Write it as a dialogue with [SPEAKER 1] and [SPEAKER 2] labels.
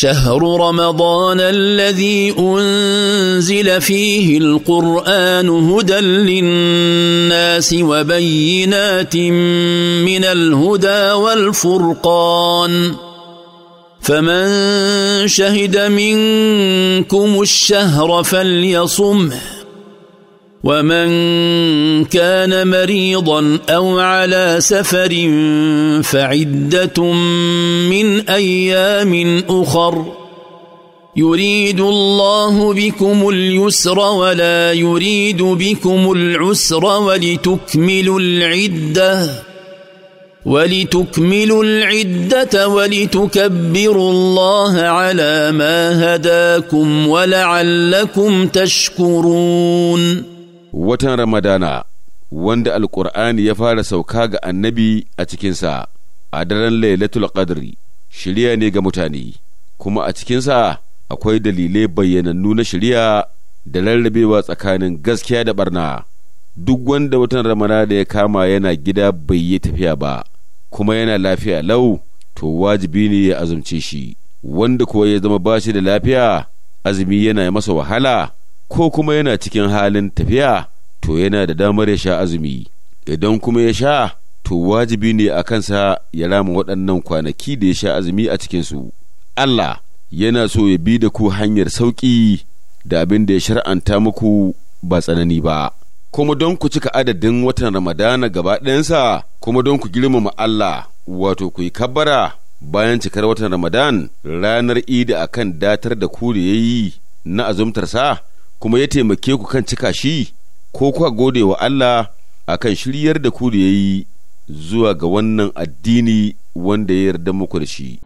[SPEAKER 1] شهر رمضان الذي انزل فيه القران هدى للناس وبينات من الهدى والفرقان فمن شهد منكم الشهر فليصمه ومن كان مريضا او على سفر فعده من ايام اخر يريد الله بكم اليسر ولا يريد بكم العسر ولتكملوا العده ولتكملوا العده ولتكبروا الله
[SPEAKER 2] على ما هداكم ولعلكم تشكرون watan Ramadana wanda Alƙur'ani ya fara sauka ga annabi a cikinsa a daren Lailatul Qadri shirya ne ga mutane, kuma a cikinsa akwai dalilai bayyanannu na shirya da rarrabewa tsakanin gaskiya da barna. Duk wanda watan Ramadana ya kama yana gida bai yi tafiya ba, kuma yana lafiya lau, to wajibi ne ya azumce shi, wanda kuwa ya zama bashi da lafiya, azumi yana masa wahala. ko kuma yana cikin halin tafiya to yana da damar ya sha azumi idan kuma ya sha to wajibi ne a kansa ya rama waɗannan kwanaki da ya sha azumi a cikinsu Allah yana so ya bi da ku hanyar sauƙi da abin da ya shar'anta muku ba tsanani ba kuma don ku cika adadin watan ramadana gaba ɗayansa kuma don ku girmama Allah wato ku yi kabbara bayan cikar watan ramadan ranar idi akan datar da ku da ya yi na azumtarsa kuma ya taimake ku kan cika shi ko kuka gode wa Allah a kan shiryar da ku da ya yi zuwa ga wannan addini wanda ya yarda muku da shi